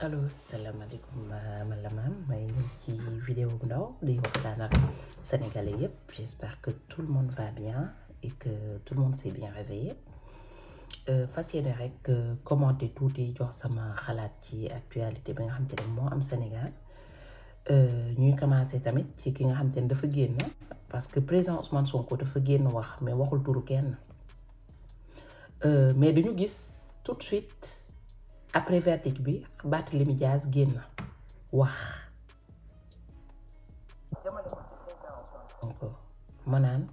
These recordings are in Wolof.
allo salam alaikum la vidéo sénégalais j'espère que tout le monde va bien et que tout le monde s'est bien réveillé euh, facile yéene euh, commenter actualité Sénégal Nous euh, commencé tamit ci ki nga xam parce que président Ousmane Sonko dafa mais waxul turu mais tout de suite après verdict bi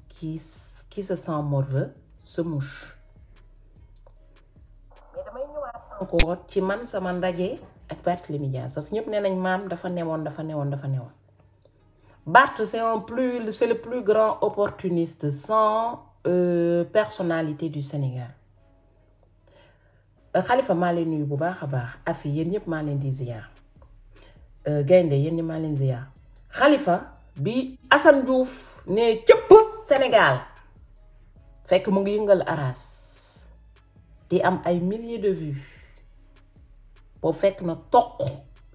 qui qui se sent morveux se mouche encore man sama ndaje parce que dafa dafa dafa plus c'est le plus grand opportuniste sans euh, personnalité du Sénégal Khalifa maa leen nuyu bu baax baax afi yéen ñëpp maa leen di ziar euh, gaynde yéen ziar bi Assane Diouf ne cëpp Sénégal fekk mu ngi yëngal Aras di am ay milliers de vues boobu fekk na toq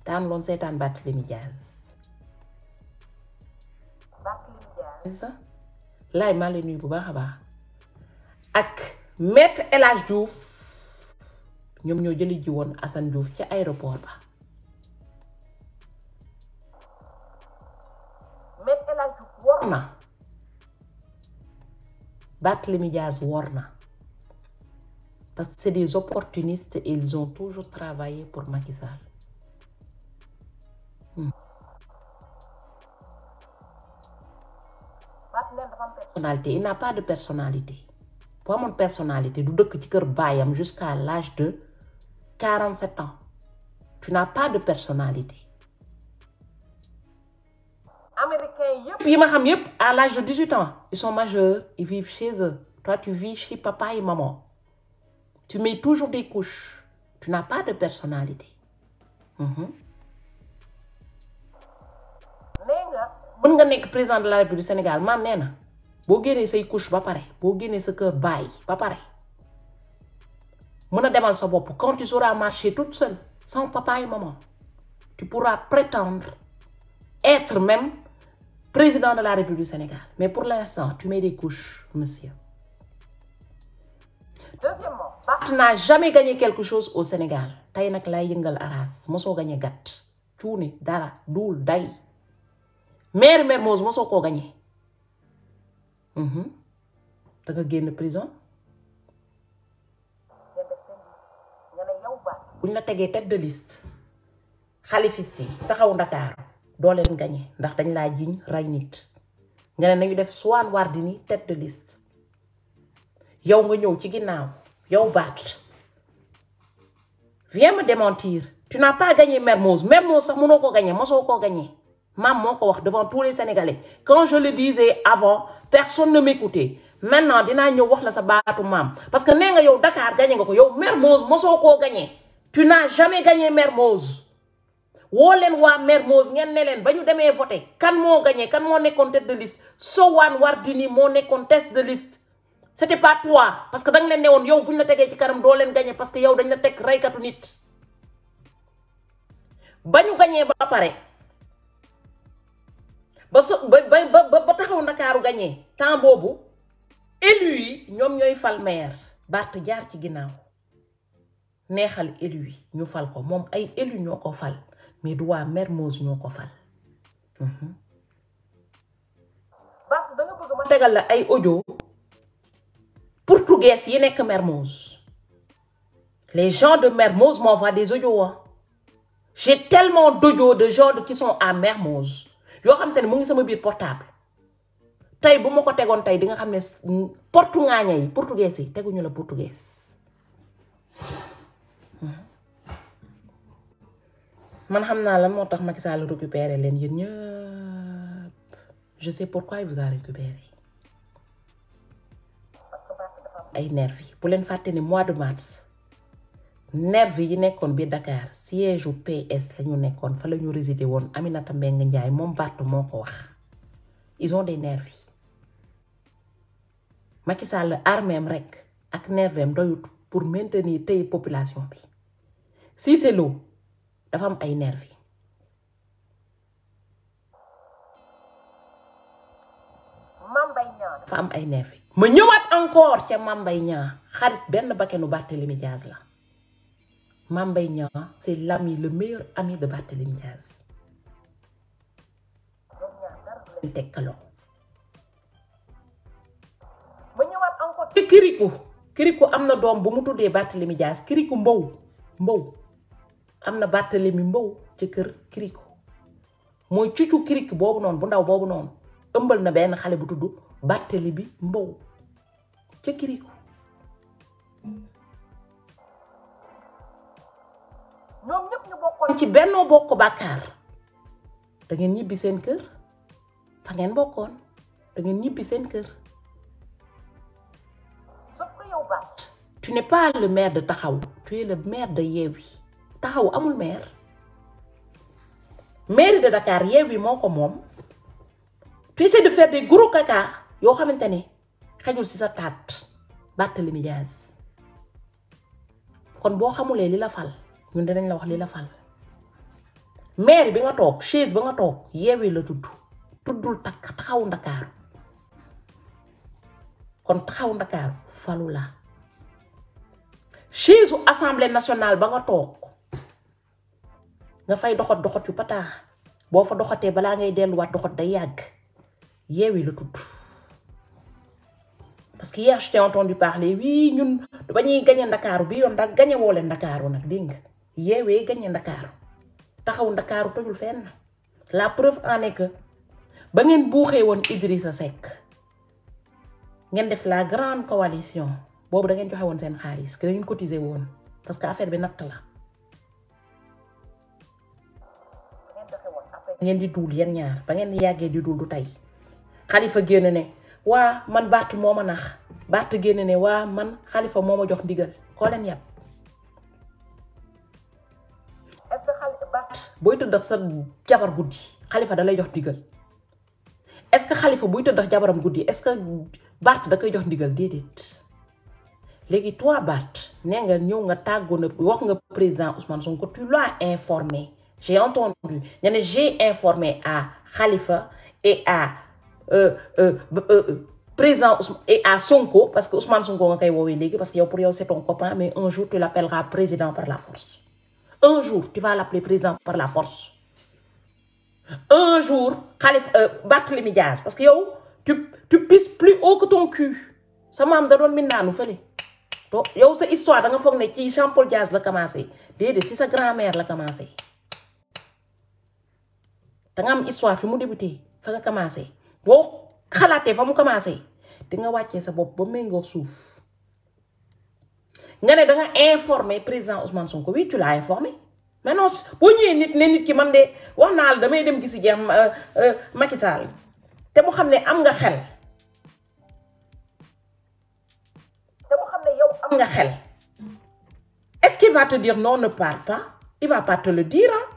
daan loon seetaan Barthélémy Dias laay maa leen nuyu bu baax a baax ak maître El Hadj Diouf ñom ñoo jëli ji woon Assane Diouf ci aéroport ba mais El Hadj Diouf wor na Barthélémy parce que c'est des opportunistes et ils ont toujours travaillé pour Macky Sall hmm. personnalité il n'a pas de personnalité Pour mon personnalité du deux ci kër bayam jusqu'à l'âge de 47 ans, tu n'as pas de personnalité. Américains, yep, à l'âge de 18 ans, ils sont majeurs, ils vivent chez eux. Toi, tu vis chez papa et maman. Tu mets toujours des couches. Tu n'as pas de personnalité. Mm -hmm. mën nga le président de la République du Sénégal tu as des couches génnee say couche ba pareil. boo génnee sa kër bàyyi ba mën a demal savoir. quand tu sauras marcher toute seule sans papa et maman tu pourras prétendre être même président de la République du Sénégal mais pour l'instant tu mets des couches monsieur deuxièmement tu n'as jamais gagné quelque chose au Sénégal tey nag lay yëngal Aras pas gagné tu cuuni dara d'Oul, day maire Mermoz Tu as gagné mhm. da nga génn prison buñ la tête de liste Khalifiste, taxaw dakar leen ndax dañ tête de liste yow nga ñew ci ginnaw yow viens me démentir tu n'as pas gagné Mermoz Mermoz sax mëno ko gagné ko gagné devant tous les Sénégalais quand je le disais avant personne ne m'écoutait maintenant wax la parce que nga Dakar gagné Mermoz gagné tu n'as jamais gagné Mermoz Wolen wa waa Mermoz ngeen ne leen ba ñu voté kan mo gagné kan mo nékon tête de liste Sowan Wardini mo nékon tête de liste c'était pas toi parce que da nga leen yow buñ la tegee ci karam do len gagné parce que yow dañ la ték ray katou nit Bañu gagné ba paré. ba so ba ba ba taxaw ndakaaru gagné temps bobu élu ñom ñoy fal maire Barth jaar ci ginnaaw neexal élu yi ñu fal ko moom ay élu ñoo ko fal mais du waa Mermoz ñoo ko fal. Mhm. bas da nga bëgg ma tegal la ay audio portugais yi nekk Mermoz les gens de Mermoz m'envoient des audios hein. j'ai tellement d'audios de gens qui sont à Mermoz yoo xam te ne mu ngi sama biir portable tey bu ma ko tegoon tey di nga xam ne portugaaña yi portugais yi teguñu la portugais. man xamna naa lan moo tax Macky Sall récupéré leen yéen ñëpp je sais pourquoi il vous a récupéré ay nervi yi bu leen faté né mois de mars nervi yi nekkoon bi Dakar siège u PS lañu ñu fa lañu résider won Aminata Mbeng Ndiaye mom Barth moko wax ils ont des nervi yi Macky Sall armeem rek ak nervem doyut pour maintenir tay population bi si c'est l'eau dafa am ay nervi yi dafa am ma ñëwaat encore ca Mame Mbaye Niang xarit benn bakkanu Barthélemy Diaz la Mame Mbaye Niang c'est l'ami le meilleur ami de Barthélemy Diaz ma ñëwaat encore ca Kirikou Kirikou am na doom bu mu tuddee Barthélemy Diaz Kirikou Mbow Mbow amna na mi mbaw ci kër Kiriko mooy cucu Kiriko boobu noonu bu ndaw boobu non eumbal na ben xalé bu tuddu tudd Barthélemy Mbow ca Kiriko ñom ñep ñu bokkoon ci benno bokku bakkar da ngeen ñibi seen kër fa ngeen bokkon da ngeen ñibi seen kër sauf yow Barth tu n'es pas le maire de Taxawu tu es le maire de Yewwi taxaw amul maire mairie de Dakar huit moo ko tu essaies de faire des gros caca yoo xamante ne ci sa taat kon boo xamulee la fal ñun la wax la fal maire bi nga toog chaise ba nga toog Yewwi la tudd tuddul kon la chaise assemblée nationale ba nga fay doxot doxot yu pata bo fa doxote bala ngay wat doxot day yag yewi lu tut parce que hier je t'ai entendu parler wii ñun ba ñuy gañe dakar bi yon dak gañe wolé dakar nak ding yewé nga dakar taxaw dakar tojul fenn la preuve en est que ba ngeen bouxé won Idrissa sek ngeen def la grande coalition bobu da ngeen joxé won sen xaliss que da cotiser won parce que affaire bi nak la ngeen di duul yeen ñaar ba ngeen yàggee di duul du tey xalifa génn ne waa man baat moo ma nax Barth génn ne waa man xalifa moo ma jox ndigal koo leen yàpp est-ce que xalifa sa jabar guddi xalifa da lay jox ndigal est-ce que xalifa buy tëdd ak jabaram guddi est-ce que Barth da jox ndigal déedéet léegi toi baat nee nga ñëw nga tàggoo na wax nga président Ousmane Sonko tu l'as informé J'ai entendu. J'ai informé à Khalifa et à euh, euh, euh et à Sonko, parce que Ousmane Sonko, parce que c'est ton copain, mais un jour tu l'appelleras président par la force. Un jour, tu vas l'appeler président par la force. Un jour, battre les médias, parce que yo, tu, tu pisses plus haut que ton cul. Ça m'a donné nous Yo, cette histoire, tu as fait que Jean-Paul Diaz l'a commencé. C'est sa grand-mère l'a commencé da nga histoire fi mu débuté fa nga commencé bo khalaté fa mu commencé di sa informé président Ousmane Sonko oui tu l'as informé mais non ñi nit ne ki man dé wax damay dem gisi euh, euh, Macky Sall te mu xamné am nga est-ce qu'il va te dire non ne parle pas il va pas te le dire hein?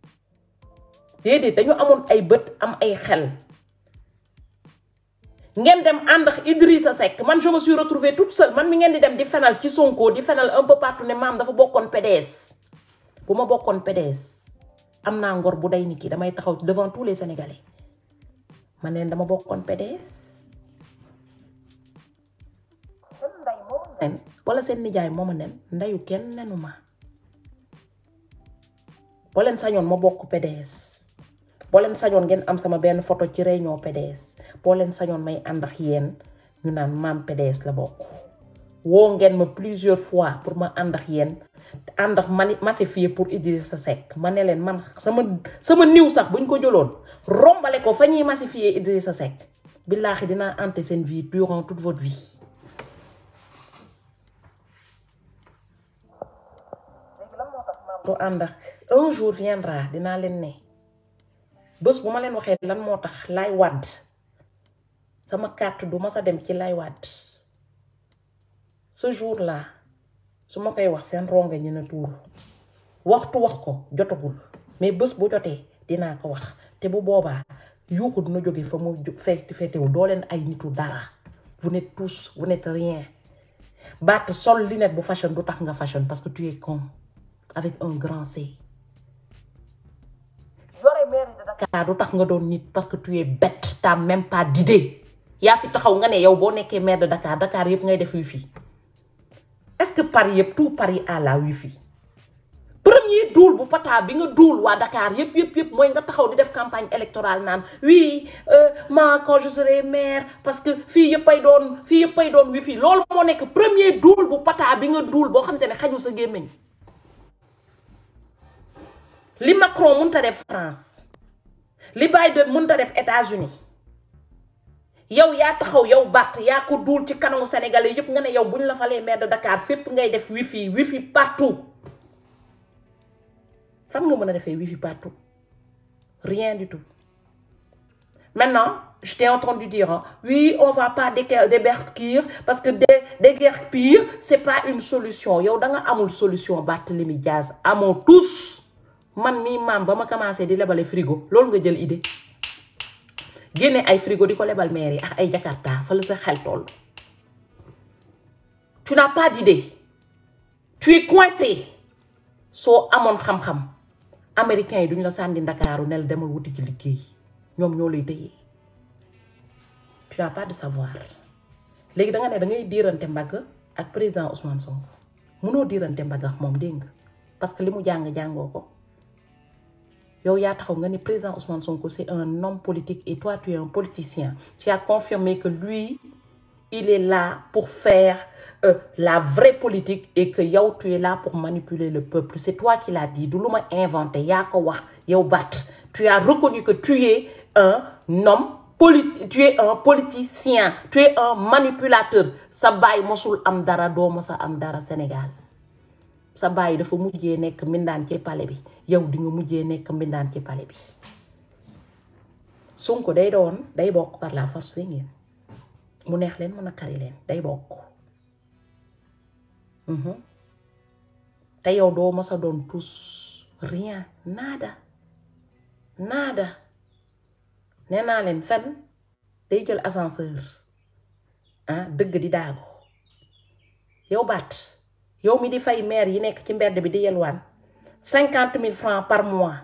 dede dañu amone ay beut am ay xel ngeen dem and ak Idrissa sek man je me suis retrouvé toute seule man mi ngeen di dem di fenal ci Sonko di fenal un peu partout ne mam dafa bokone PDS buma bokone PDS amna ngor bu day niki damay taxaw devant tous les Sénégalais man leen dama bokone PDS wala sen nijaay moma nen ndayu kenn nenuma ma boo PDS boo sañoon am sama benn photo ci réunion PDS may ñu PDS la bokk plusieurs fois pour ma ànd ak yéen ànd ak pour Idrissa Seck ma ne man sama sama niw sax buñ ko jëloon rombale ko fa massifier Idrissa Seck billaahi dinaa vie durant toute votre vie Pour ànd ak un jour viendra dinaa leen ne bés buma ma leen waxee lan motax lay wad sama carte du ma sa dem ci lay wad ce jour là su ma wax sen ronga ñu na tour waxtu wax ko jotagul mais bés bu joté dina ko wax te bu boobaa yuuxu dina jóge fa mu fekk feetewu doo leen ay nitu dara vous n'êtes tous vous n'êtes rien But, sol lunette bu fashion du tax nga fashion parce que tu es con avec un grand C bakkaar lu tax nga doon nit parce que tu es bête t'as même pas d'idée yaa fi taxaw nga ne yow boo nekkee maire de Dakar Dakar yëpp ngay def wifi est-ce que Paris yëpp tout Paris à la wifi premier duul bu pata bi nga duul waa Dakar yëpp yëpp yëpp mooy nga taxaw di def campagne électorale naan oui euh, moi quand je serai maire parce que fii yëpp ay doon fii yëpp ay doon wifi lol moo nekk premier duul bu pata bi nga duul boo xam te xaju sa gémmiñ li Macron mënta def France li bàyyi de def États-Unis yow ya taxaw yow ko ci sénégalais nga ne yow les la Dakar ngay def wifi wifi partout nga wifi partout rien du tout maintenant je t'ai entendu dire hein, oui on va pas déguerpir parce que déguerpir c'est pas une solution yow da nga amul solution les Dias tous man mi mam bama commencé di lebalé frigo loolu nga jël idée génné ay frigo di lebal mère ak ah, ay jakarta fa la sa xel toll tu n'as pas d'idée tu es coincé so amon xam-xam américain yi duñ la sandi dakaru nel demal wuti ci liggéey ñom ñoo lay tu n'as pas de savoir légui da nga né da ngay diranté mbagg ak président Ousmane Sonko mëno diranté mbagg ak mom parce que limu jang jangoko Yo ya Ousmane Sonko c'est un homme politique et toi tu es un politicien tu as confirmé que lui il est là pour faire euh, la vraie politique et que yo, tu es là pour manipuler le peuple c'est toi qui l'as dit du inventé tu as reconnu que tu es un homme politique tu es un politicien tu es un manipulateur ça baille, mosul am dara Amdara, Sénégal sa bàyyi dafa mujjee nekk mbindaan ci pale bi yow di nga mujjee nekk mbindaan ci pale bi Sonko day doon day bokk par la force yi ngeen mu neex leen mu naqari leen day bokk mhm. te yow doo mës a doon tous rien naada nada nee naa leen fen day jël ascenseur ah dëgg di daago yow baat yow mi di fay maire yi nek ci bi di francs par mois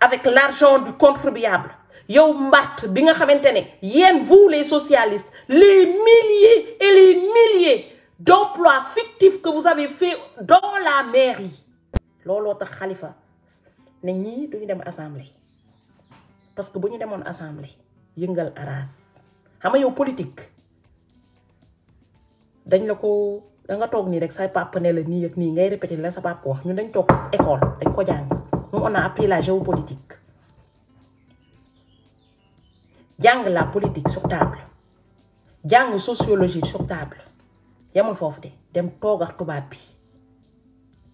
avec l'argent du contribuable yow Mbart bi nga xamantene yeen vous les socialistes les milliers et les milliers d'emplois fictifs que vous avez fait dans la mairie Lolo, tax Khalifa ne ñii duñu dem assemblée parce que buñu demone assemblée yëngal aras xam nga yow politique dañ la ko da nga toog nii rek sa papa ne la nii ak nii ngay répété la sa papa wax ñun dañ toog école dañ ko jàng moom on a appris la géopolitique jàng la politique sur jàng sociologie sur table foofu de dem toog ak tubaab bi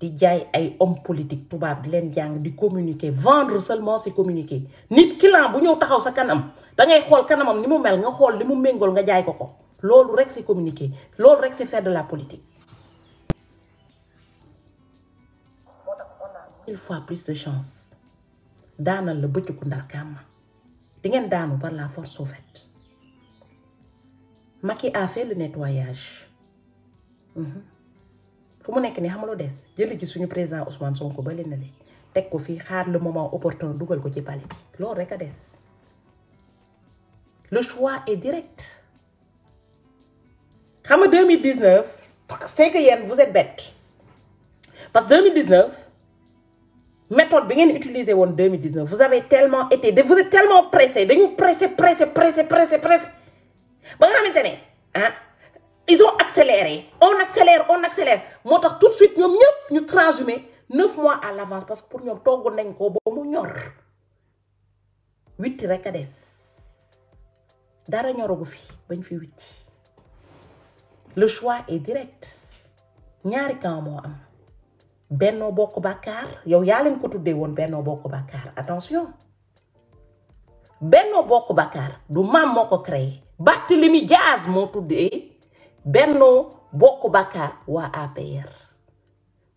di jaay ay homme politique tubaab di leen jàng di communiquer vendre seulement c'est communiquer nit client bu ñëw taxaw sa kanam da xool kanamam ni mu mel nga xool li mu méngool nga jaay ko ko. loolu rek c'est communiquer loolu rek c'est faire de la politique Il faut plus de chance daanal la bëccuku ndar kàmma di ngeen par la force au fait Macky a fait le nettoyage Pour mhm. mon équipe, nii xam lu des jëli ci suñu président Ousmane Sonko ba leen li teg ko fii xaar le moment opportun dugal ko ci palais bi rek a le choix est direct xam en 2019 c'est que vous êtes bête parce que 2019 méthode bi ngeen utilisé en 2019 vous avez tellement été vous êtes tellement pressé dañu pressé pressé pressé pressé pressé ba nga xamante ah, ils ont accéléré on accélère on accélère moo tout de suite ñoom ñëpp ñu transhumé 9 mois à l'avance parce que pour ñoom togg nañ ko ba mu ñor 8 rek a des dara ñorogu fi bañ fi le choix est direct ñaari camp boko am Benno Bokk Bakaar yow ya leen ko tuddé won Benno Bokk attention Benno Bokk Bakaar du mam moko ko Batti limi jazz mo tuddé Benno Bokk bakar, wa APR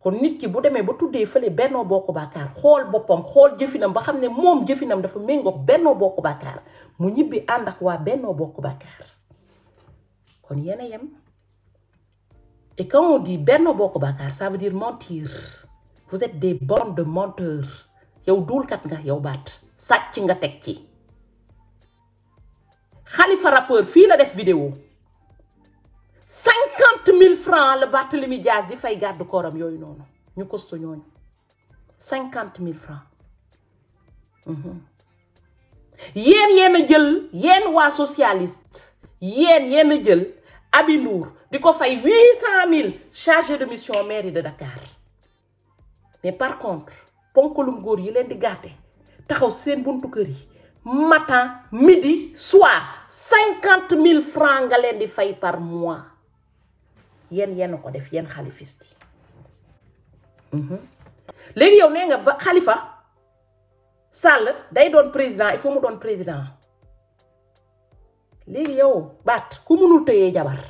kon nit ki bu démé ba tuddé feulé Benno Bokk bakar, xol boppam xol jëfinam ba ne mom jëfinam dafa mengo Benno Bokk bakar, mu ñibbi anda ak Benno Bokk bakar. kon yéen et quand on dit Berno Boko Bakar, ça veut dire mentir. Vous êtes des bandes de menteurs. yow kat nga yow nga Khalifa rappeur la def vidéo 50 000 francs la médias di garde yoy ñu 50 000 francs mhm. Yen vous, a jël wa socialiste vous, il a 800 000 chargés de mission en maire de Dakar. Mais par contre, pour il est indigné. Tu as fait un Matin, midi, soir, 50 000 francs à de par mois. Yen yen ko def yen khalifisti. Mm -hmm. Légi yon nga khalifa, sal, day don président, il faut mou le président. Légi yon, bat, kou mounou te jabar. jabar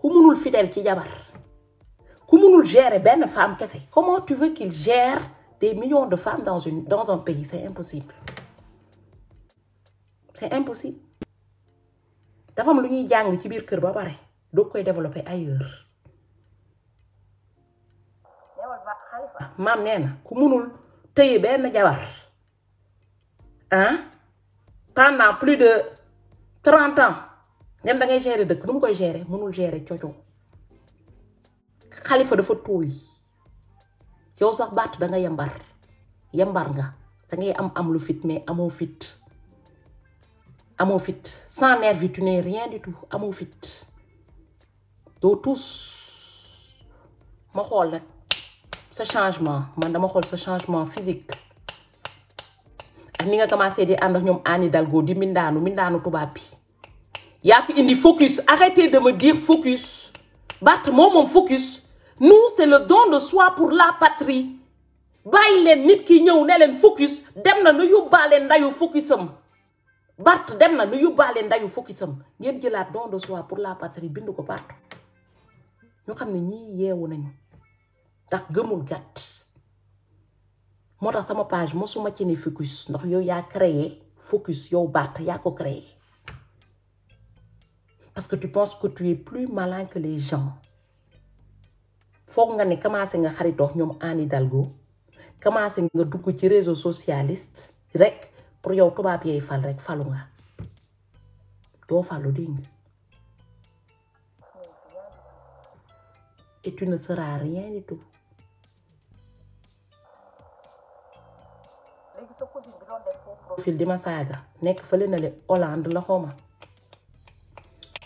ku mënul fidèle ci jabar ku mënul gérer ben femme kessé comment tu veux qu'il gère des millions de femmes dans une dans un pays c'est impossible c'est impossible da fam luñuy jang ci biir kër ba pare do koy développer ailleurs maam nee na ku mënul tëye ben jabar ah pendant plus de trente ans ngeen da ngay gérer dëkk nu mu koy gérer mënul gérer coco xalifa dafa tooy yow sax baat da nga yambar yambar nga dangay am am lu fit mais amoo fit amoo fit sans nervi tu n'es rien du tout amoo fit doo tuus ma xool nag sa changement man dama xool sa changement physique ak ni nga commencé di ànd ak ñoom ànd dalgoo di mindaanu mindaanu tubaab bi. Y'a fi indi focus arrêtez de me dire focus Bat moi mon focus nous c'est le don de soi pour la patrie bàyyi leen nit ki ñëw ne leen focus dem na nu yóbbaale ndayu focusam Bat dem na nu yóbbaale yu focusam ngeen la don de soi pour la patrie binduko ko Barth ñu xam ne ñii yeewu nañu ndax gëmul gàtt sama page mosuma ci focus Donc yow ya créé focus yow bat ya ko créé parce que tu penses que tu es plus malin que les gens foog nga ne commencé nga xaritoog en Anne Hidalgo commencé nga dugg ci réseaux socialistes? rek pour yow tubaab yey fal rek falu nga doo falu dégg nga et tu ne seras rien du tout. Tu sa cousine bi doon faux profil de ma saaga nekk na le Hollande la xooma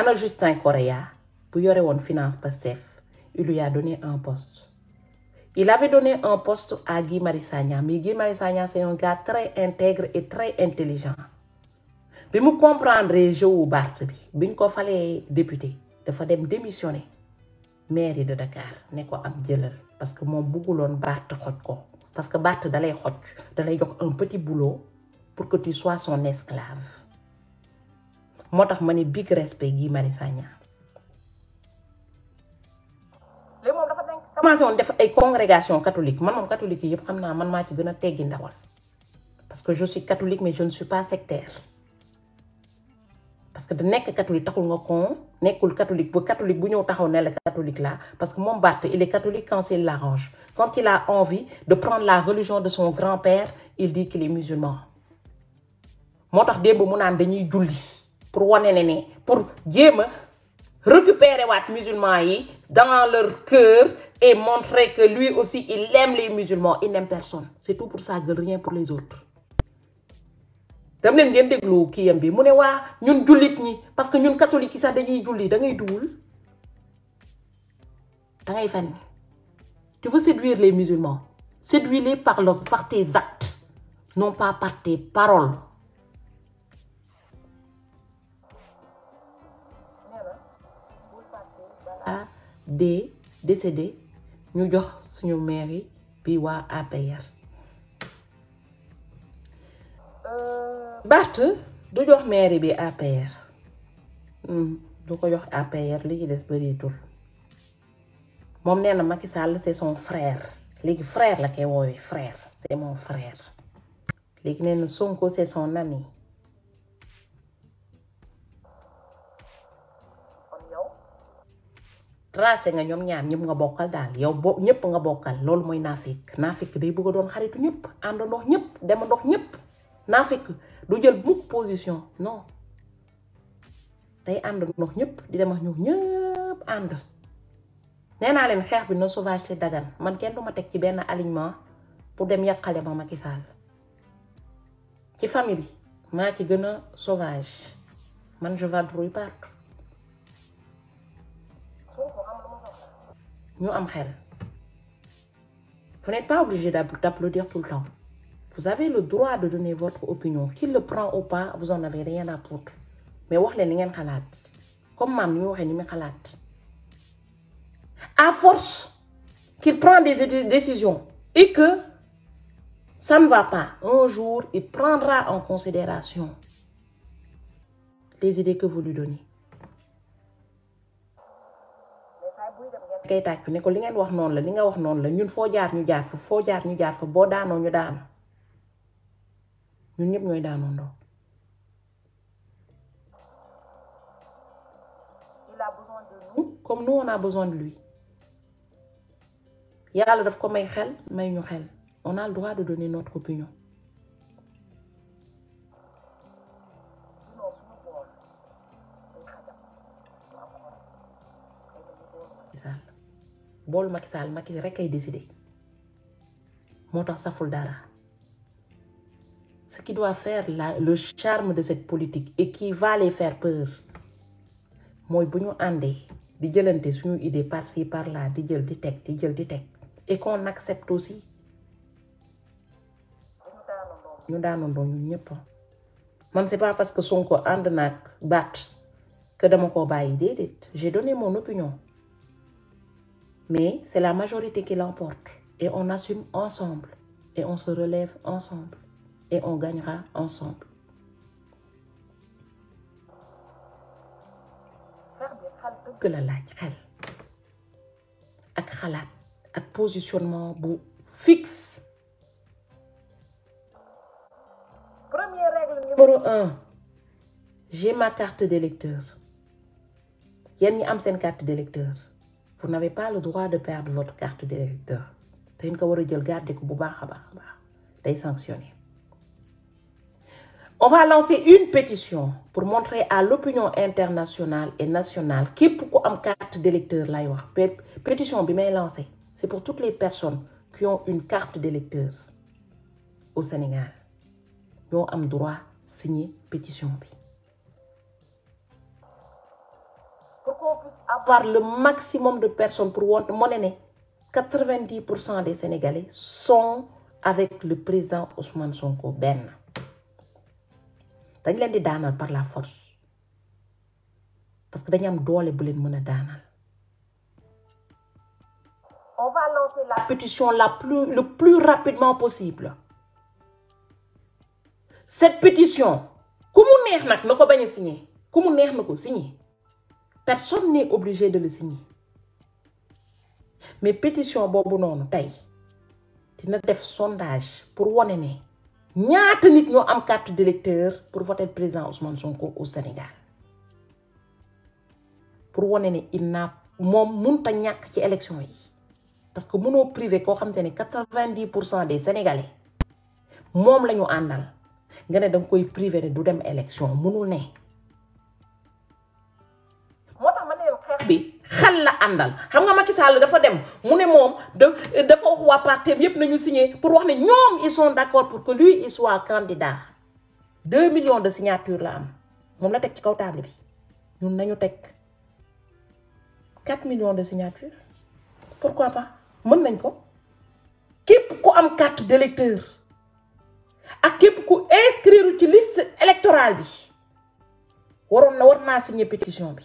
ana Justin Correa bu yore une finance passif. il lui a donné un poste il avait donné un poste à Guy Marissagna. mais Guy Marissagna c'est un gars très intègre et très intelligent bi mu comprendre jeu Barth bi biñ ko député Il fallait démissionner maire de Dakar ne ko am parce que mon boulot Barth parce que Bart dalay xoj un petit boulot pour que tu sois son esclave motax mané big respect Guy Marius Sagna léegi mom dafa commencé won def ay congrégation catholique man mom catholique yépp yëpp man ma ci gëna a ndawal parce que je suis catholique mais je ne suis pas sectaire parce que de nek catholique taxul nga kon nekul catholique bu catholique bu ñew taxaw ne la catholique là. parce que mon bart il est catholique quand il l'arrange quand il a envie de prendre la religion de son grand-père il dit qu'il est musulman motax tax mu nan dañuy julli pour wane ne pour récupérer waat musulmans yi dans leur cœur et montrer que lui aussi il aime les musulmans il n'aime personne c'est tout pour ça rien pour les autres dam len ngeen deglu kii yam bi mu wa ñun jullit ñi parce que ñun catholique yi dañuy julli da ngay tu veux séduire les musulmans séduire les par le par tes actes non pas par tes paroles dee décédé ñu jox suñu mère bi wa APR. Euh, Bart du jox mère bi APR hmm du ko jox APR li ci dess bari tour mom néna Macky Sall c'est son frère légui frère la koy woowee frère c'est mon frère légui néna Sonko c'est son ami. tracé nga ñoom ñaan ñëpp nga bokkal daal yow bo ñëpp nga bokkal loolu mooy naafik naafik day bëgg a doon xaritu ñëpp àndandoo ñëpp demandoo ñëpp naafik du jël mukk position non day àndandoo ñëpp di dem ak ñoom ñëpp ànd. nee naa leen xeex bi na sauvage dagan man kenn du ma teg ci benn alignement pour dem yàqale ma Macky Sall ci famille bi maa ci gën a sauvage man je vadrouille partout. Vous n'êtes pas obligé d'applaudir tout le temps. Vous avez le droit de donner votre opinion. Qu'il le prend ou pas, vous n'en avez rien à foutre. Mais vous avez Comme À force qu'il prend des décisions et que ça ne va pas, un jour, il prendra en considération les idées que vous lui donnez. kay tàcc ne ko li ngeen wax noonu la li nga wax noonu la ñun foo jaar ñu jaar fa foo jaar ñu jaar fa boo daanoo ñu daanu ñun ñëpp ñooy daanoo ndox il a besoin de nous comme nous on a besoin de lui yàlla daf ko may xel may ñu xel on a le droit de donner notre opinion boolu Macky Sall Macky rek ay décidé. moo tax saful dara ce qui doit faire la le charme de cette politique et qui va les faire peur mooy bu ñu àndee di jëlante suñu idée par ci par là di jël di teg di jël di teg et qu'on accepte aussi ñu daanandoo ñun ñëpp man c'est pas parce que Sonko ànd naag baat que dama ko bàyyi déedéet j'ai donné mon opinion mais c'est la majorité qui l'emporte. Et on assume ensemble. Et on se relève ensemble. Et on gagnera ensemble. que la ak positionnement fixe première règle numéro 1. j'ai ma carte d'électeur yenn ñi am une carte d'électeur vous n'avez pas le droit de perdre votre carte d'électeur Vous ko le garder sanctionné on va lancer une pétition pour montrer à l'opinion internationale et nationale qui pour une carte d'électeur lay pétition est lancée c'est pour toutes les personnes qui ont une carte d'électeur au Sénégal ont le droit de signer pétition avoir le maximum de personnes pour mon aîné. 90% des Sénégalais sont avec le président Ousmane Sonko Ben, dañ leen di d'anal par la force parce que nous, am doole bu leen on va lancer la pétition la plus le plus rapidement possible cette pétition comment est-ce que vous avez bañ Comment signé ce que vous avez signé personne n'est obligé de le signer mais pétition bobu noonu tay dina def sondage pour woné né ñaata nit ñoo am carte d'électeur pour voter président Ousmane Sonko au Sénégal pour woné né il n'a moom munta ñak ci élection yi parce que mëno privé ko xam te 90% des Sénégalais moom lañu andal. àndal nga ne danga koy privé ne du dem élection mënul né. xel la àndal xam nga Macky Sall dafa dem mu ne moom da dafa wax waa parteem yépp nañu signé pour wax ne ñoom ils sont d'accord pour que lui il soit candidat deux millions de signatures la am moom la teg ci kaw table bi ñun nañu teg quatre millions de signatures pourquoi pas mën nañ ko képp ku am carte d'électeur ak képp ku inscrire ci liste électorale bi waroon na war naa signé pétition bi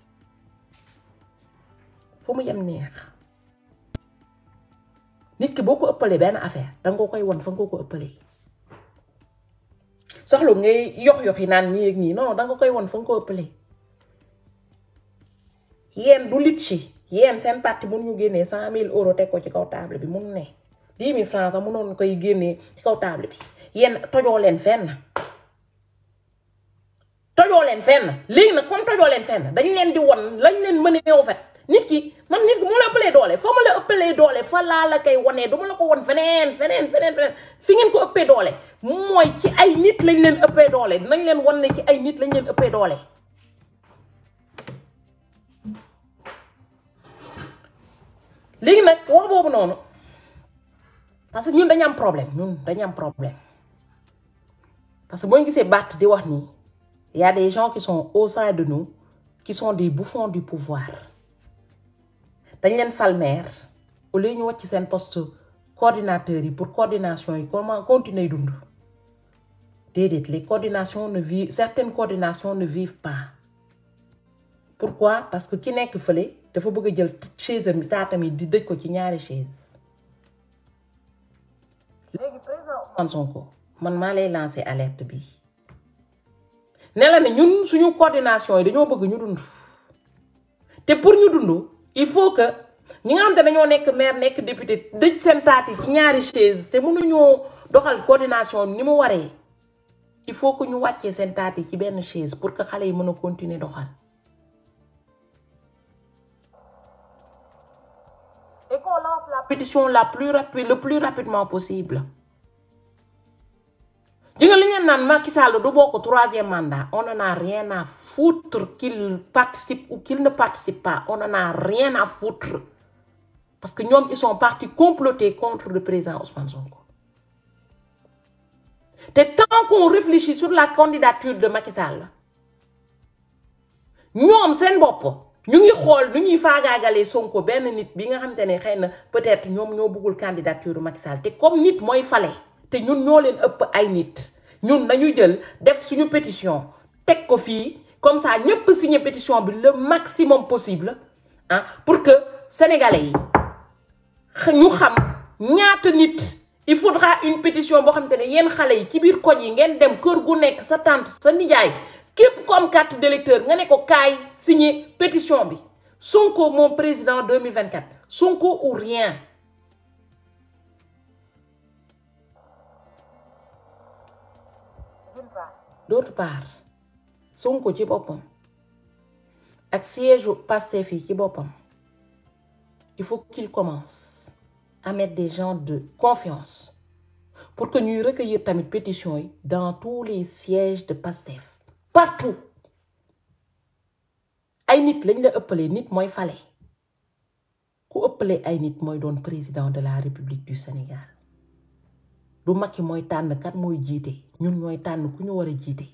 fu mu yem neex nit ki boo ko ëppalee benn affaire da koy won fa nga ko ëppalee soxlu ngay yox yox yi naan nii ak nii non da nga koy won fa nga ko ëppalee yéen du lit ci yéen seen parti mun ñu génnee cent mille euro teg ko ci kaw table bi mun ne dix mille francs munoon koy génnee ci kaw table bi yéen tojoo leen fenn tojoo leen fenn léegi nag comme tojoo leen fenn dañ leen di won lañ leen mënee wu fet niki man nit mo la ëppalee doole fo mo la ëppalee doole fa la la kay woné duma la ko won fenen fenen fenen feneen fi ngeen ko ëppee doole moy ci ay nit lañ leen ëppee doole nañ leen wan ci ay nit lañ leen ëppee doole léegi nak wax bobu nonu parce que ñun dañ am problème ñun dañ am problème parce que boo gisé baat di wax ni il y a des gens qui sont au sein de nous qui sont des bouffons du pouvoir dañ leen fal maire au lieu ñu wàcc seen poste coordinateur yi pour coordination yi comment continuer dund déedéet les coordinations ne vivent certaines coordinations ne vivent pas pourquoi parce que ki nekk fële dafa bëgg a jël chaise am taatam yi di dëj ko ci ñaari chaise léegi président Ousmane Sonko man maa lay lancer alerte bi ne la ne ñun suñu coordination yi dañoo bëgg ñu dund te pour ñu dund il faut que ñi nga xam dañu nek maire nek député dëj sen tati ci ñaari chaise mënu ñu doxal coordination ni mu waré il faut que ñu waccé sen tati ci benn chaise pour que xalé yi mën continuer doxal. et qu'on lance la pétition la plus rapide le plus rapidement possible. ji nga li ngeen naan Macky Sall du bokk troisième mandat on n'en a rien à foutre foutre qu'il participe ou qu'il ne participe pas. On n'en a rien à foutre. Parce que nous, ils sont partis comploter contre le président Ousmane Sonko. tant qu'on réfléchit sur la candidature de Macky Sall, Nous, en train nous nous, nous, peut-être candidature Macky Sall nous, comme nous, nous nous, ñun nous leen nous, ay nit Nous, nous pétition comme ça ñëpp signer pétition bi le maximum possible hein pour que sénégalais yi ñu xam ñaata nit il faudra une pétition bo xamante ne yéen xale yi ci biir koñ yi ngeen dem cœur gu nekk sa tante sa nijaay képp comme carte d'électeur nga ne ko kay signer pétition bi Sonko mon président 2024 Sonko ou rien d'autre part ko ci bopam ak siège Pastef yi ci bopam il faut qu'il commence à mettre des gens de confiance pour que nous recueillions tamit pétition dans tous les sièges de Pastef partout ay nit lañ la ëppalee nit moy falé ku ëppale ay nit moy don président de la République du Sénégal du maki moy tan kat moy jité ñun ñooy tan ku ñu wara jité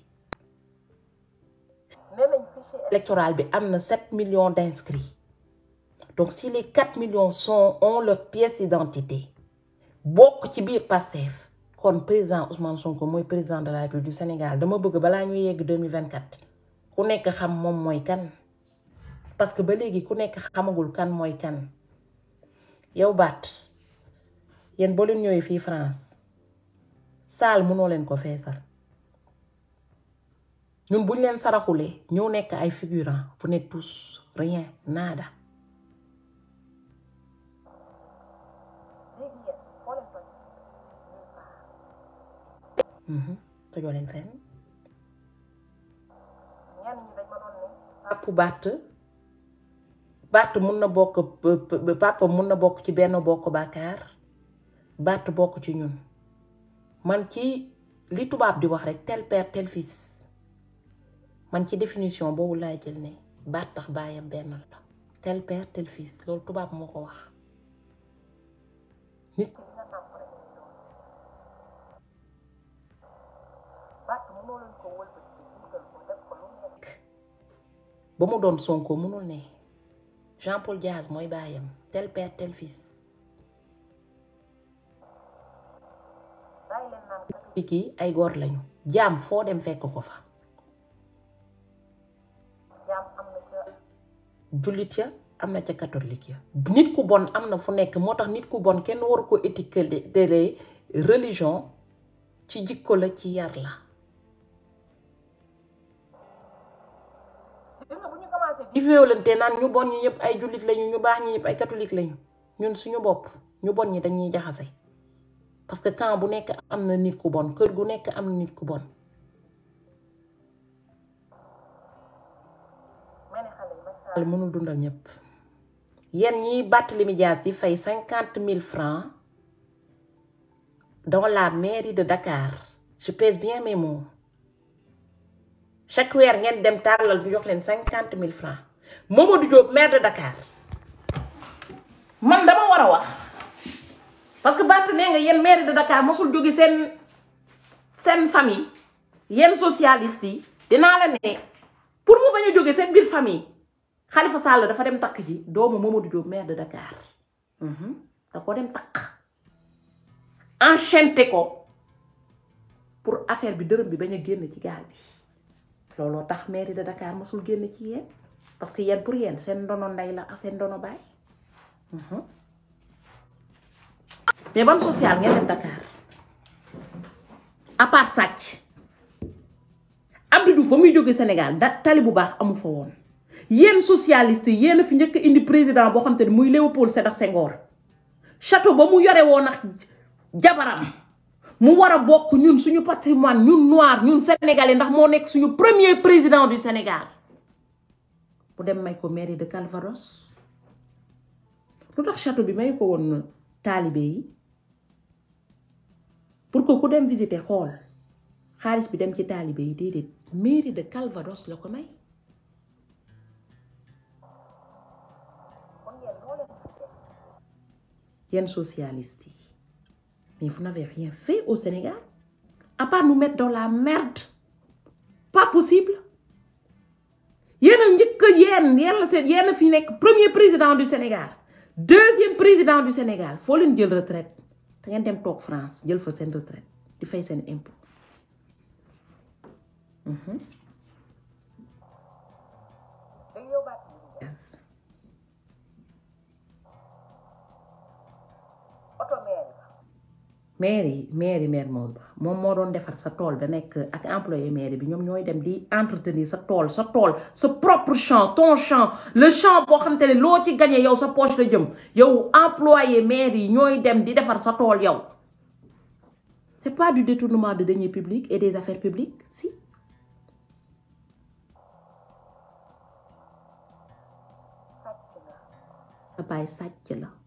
électoral bi 7 millions d'inscrits donc si les 4 millions sont ont leur pièce d'identité bok ci biir passef kon président Ousmane Sonko président de la République du Sénégal dama bëgg ñu yegg 2024 ku nekk xam mom moy kan parce que ba on ku nekk xamagul kan moy kan yow bat yeen leen France mëno leen ko ñun buñ leen ne ñoo nekk ay figurant vous n'êtes tous rien nada mhm. tojoo leen fenn papa mun na bokk papa mun na bokk ci benn bokk bàkkaar bokk ci ñun man ci li tubaab di wax rek tel père tel fils man ci définition boobu laa jël ne baat tax baayam benn la tel père tel fils loolu tubaab moo ko wax nit ba mu doon Sonko mënul ne Jean Paul Diaz mooy baayam tel père tel fils kii ay góor lañu jaam foo dem fekk ko fa jullit ya am na ca catholique ya nit ku bon am na fu nekk moo tax nit ku bon kenn waru koo ko étiqueter religion ci jikko la ci yar la di violente naan ñu bon ñi ñëpp ay jullit lañu ñu baax ñi ñëpp ay catholique lañu ñun suñu bopp ñu bon ñi dañuy jaxase parce que camp bu nekk am na nit ku bon kër gu nekk am na nit ku bon Sall mënul dundal ñëpp yéen bat Barthélémy Dias di fay 50000 francs dans la mairie de Dakar je pèse bien mes mots chaque weer ngeen dem tàllal bu jox leen cinquante francs Mamadou Diop maire de Dakar man dama wara wax parce que bat nee nga yéen maire de Dakar mosul jóge sen sen famille yéen socialiste yi dinaa la né pour mu bañ a jóge bir famille Khalifa Sall dafa dem tak ji doomu Mamadou Diop maire de Dakar mhm. da ko dem tak enchanté ko pour affaire bi deureum bi baña a ci gaal bi lolo tax maire de Dakar mosul génn ci yeen parce que yeen pour yeen sen ndono nday la sen seen bay hmm mais ban social ngeen dem Dakar a part sac Abdou Diouf fa muy jóge Sénégal da tali amu fo won yéen socialiste yéen fi njëkk indi président boo xam te ne muy Léopold Sédar Senghor château ba mu yore woon ak jabaram mu war a bokk ñun suñu patrimoine ñun noir ñun sénégalais ndax moo nekk suñu premier président du Sénégal bu dem may ko mairie de Calvados lu tax château bi may ko woon taalibe yi pour que ku dem visiter xool xaalis bi dem ci taalibe yi déedéet mairie de Calvados la ko may yenn socialiste mais vous n'avez rien fait au Sénégal à part nous mettre dans la merde pas possible y a njëkk premier président du Sénégal deuxième président du Sénégal faut une dire retraite da ngeen dem toog France jël fa sen retraite di fay sen impôt mhm. Mary, Mary, Mary mairie maire moom moom moo doon defar sa tool ba nek ak employé Mary, bi ñom ñoy dem di entretenir sa tool sa tool sa propre champ ton champ le champ pour xam te lo ci gagner yow sa poche la jëm yow employé mairie yi ñooy dem di defar sa tool yow c'est pas du détournement de deniers publics et des affaires publiques si sa baay pas ça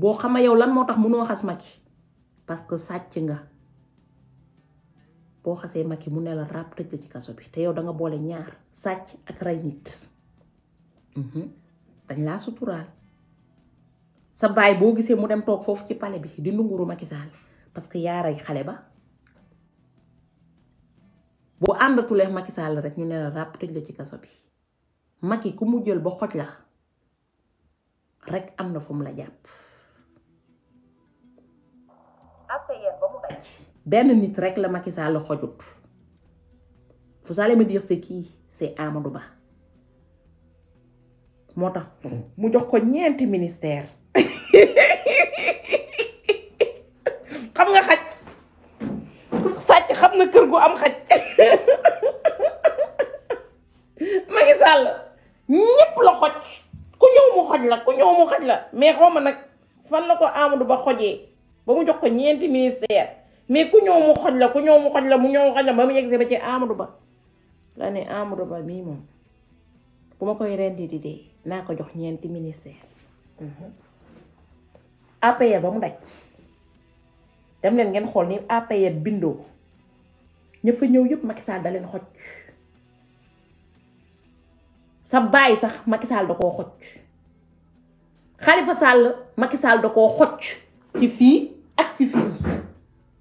bo xama yow lan motax mëno xass macci parce que sacc nga bo xasse macci mu neela rap tecc ci kasso bi te yow da nga bolé ñaar sacc ak rey nit mhm. dañ la sutural sa bay bo gisé mu dem tok fofu ci palais bi di ndunguru macci sal, parce que yaa rey ba boo àndatulee macci sal rek ñu neela rap tecc la ci kasso bi macci ku mu jël ba xot la rek amna fum la japp benn nit rek la Macky Sall xojut vous allez me dire c'est qui c'est Amadou Ba moo tax mu jox ko ñeenti ministère xam nga xaj sàcc xam na kër gu am xaj Macky Sall ñépp la xoj ku ñëw mu xoj la ku ñëw mu xoj la mais xaw ma nag fan la ko Amadou Ba xojee ba mu jox ko ñeenti ministère mais ku ñëw mu xoj la ku ñëw mu xoj la mu ñëw xoj la ba mu yegg ba ci Amadou Ba la ne Amadou Ba mii moom ma koy rendi di dee naa ko jox ñeenti ministère mhm. APR ba mu daj dem leen ngeen xool ni APR bindoo ña fa ñëw yëpp Macky Sall da leen xoj sa baay sax Macky Sall da koo xoj Khalifa Sall Macky da koo xoj ci fii ak ci fii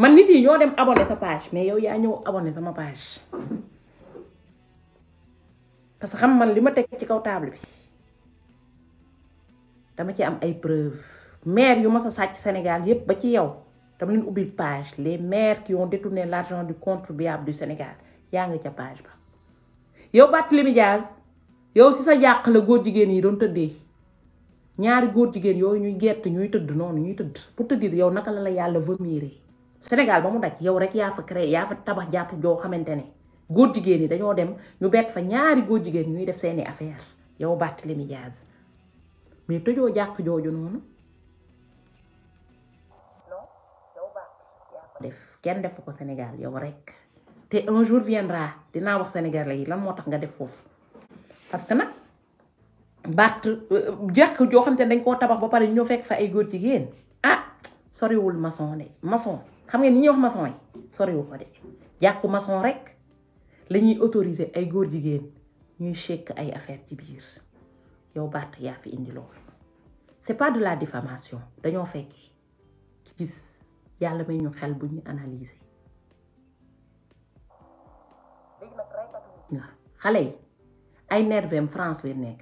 man nit yi ñoo dem abonné sa page mais yow yaa ñëw abone sama page parce que xam man li ma teg ci kaw table bi dama ci am ay preuves maire yu ma sa sàcc Sénégal yépp ba ci yow tam leen ubbil page les maires qui ont détourné l'argent du contribuable du Sénégal yaa ngi ca page ba yow Barthélémy Dias yow si sa jàq la góor jigéen yi doon tëddee ñaari góor jigéen yooyu ñuy gett ñuy tëdd noonu ñuy tëdd pour te dire yow naka la la yàlla vomir Sénégal ba mu daj yow rek yaa fa créé yaa tabax jàpp joo xamante ne góor jigéen ñi dañoo dem ñu bett fa ñaari góor jigéen ñuy def seeni affaire yow Barthélémy Dias mais tëjoo jàkk jooju noonu def kenn def ko Sénégal yow rek te un jour viendra dinaa wax sénégalais yi lan moo tax nga def foofu parce que nag Bart euh, jàkk joo xam dañ koo tabax ba pare ñoo fekk fa ay góor jigéen ah soriwul maçon de maçon xam nga ni ñuy wax maçon yi wu ko de maçon rek la autoriser ay ñuy ay affaire ci yow c'est pas de la diffamation dañoo fekkee gis yàlla may ñu xel bu analyser ay France les nekk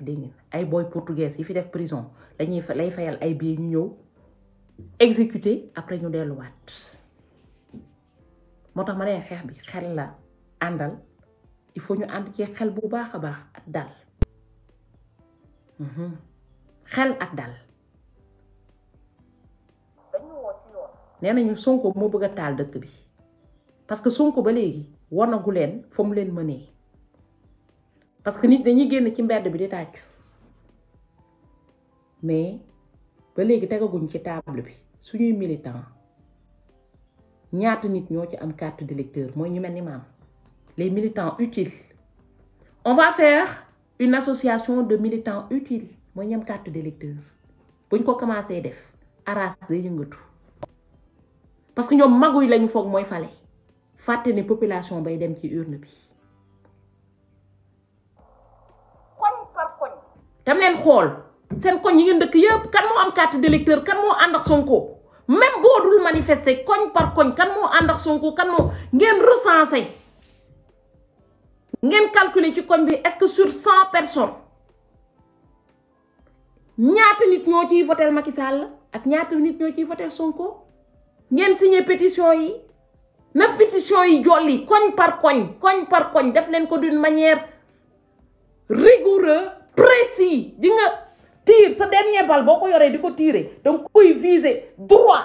ay boy portugais yi fi def prison lañuy lay fayal ay ñu exécuté après ñu moo mané la andal il faut ñu ci xel bu baax baax ak dal mhm. xel ak dal nañu Sonko mo bëgg taal dëkk bi parce que Sonko ba léegi parce que nit dañuy génn ci bi di mais ba ci table bi militant ñaata nit ñoo ci am carte d'électeur mooy ñu mel ni maam les militants utiles on va faire une association de militants utiles mooy ñam carte d'électeur buñ ko commencé def aras day yëngatu parce que ñoom maguy lañu foog mooy fale fàtte ne population bay dem ci urne bi koñ par koñ dem leen xool seen koñ yi ngeen dëkk yëpp kan moo am carte d'électeur kan moo ànd ak Sonko même si dul manifester par kan Sonko kan calculer ci est-ce que sur 100 personnes ñaata nit ñoo ciy voter Macky Sall ak ñaata nit ñoo voter Sonko signer pétition yi na pétition yi par par def d'une manière rigoureuse précis ce dernier balle il yoré tirer donc droit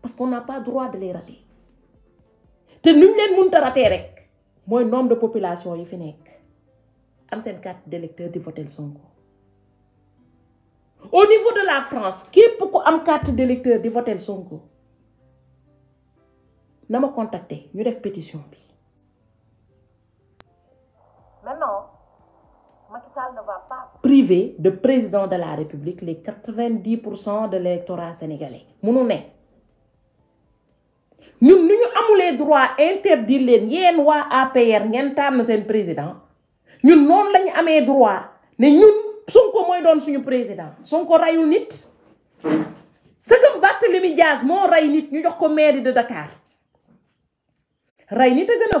parce qu'on n'a pas droit de les rater te rater nombre de population yi fi carte d'électeur di voter au niveau de la France képp ko am carte d'électeur di voter Sonko nama contacter ñu def pétition maintenant Privé ne va pas priver de président de la République les 90% de l'électorat sénégalais. Mounou ne. Nous n'avons pas le droit d'interdire les wa APR, nous sommes sen président. Nous non lañ Nous, droit Nous ñun Sonko moy suñu président. Sonko rayul nit. C'est Diaz mo ray nit nous jox ko de Dakar. Ray nit est une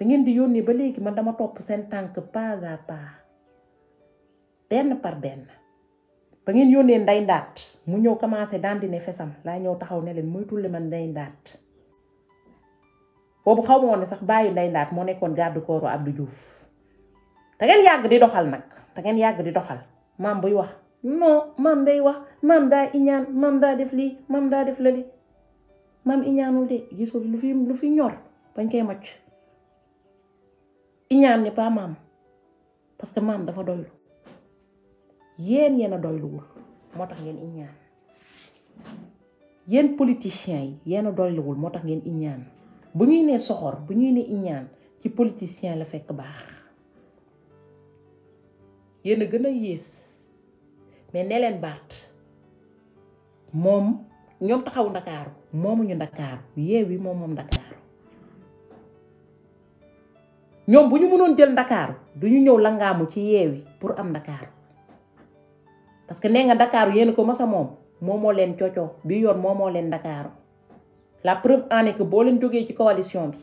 bi ngeen di yónnee ba léegi man dama topp seen tànk pas à pas benn par benn ba ngeen yónnee nday ndaat mu ñëw commencé daan ne fesam laa ñëw taxaw ne leen moytul man nday ndaat boobu xaw ma woon sax bàyyi nday ndaat moo nekkoon garde corps Abdou Diouf da ngeen yàgg di doxal nag da ngeen yàgg di doxal maam buy wax non maam day wax maam daa iñaan maam daa def lii maam daa def la li maam iñaanul de gisul lu fi lu fi ñor bañ koy macc iñaan ni pas maam parce que maam dafa doylu yéen yéen a doyluwul moo tax ngeen iñaan yéen politiciens yi yéen a doyluwul moo tax ngeen iñaan bu ñuy nee soxor bu ñuy nee iñaan ci politicien la fekk baax yéen a gën a yées mais nee leen baat moom ñoom taxawu ndakaaru moomuñu ndakaaru yeew yi moom moom ndakaaru ñom buñu mënon mënoon jël ndakaaru du ñu ñëw langaamu ci yeewi pour am dakar parce que nga dakar yéen ko massa mom momo len leen bi yoon momo len dakar la preuve en est que bo len joggé ci coalition bi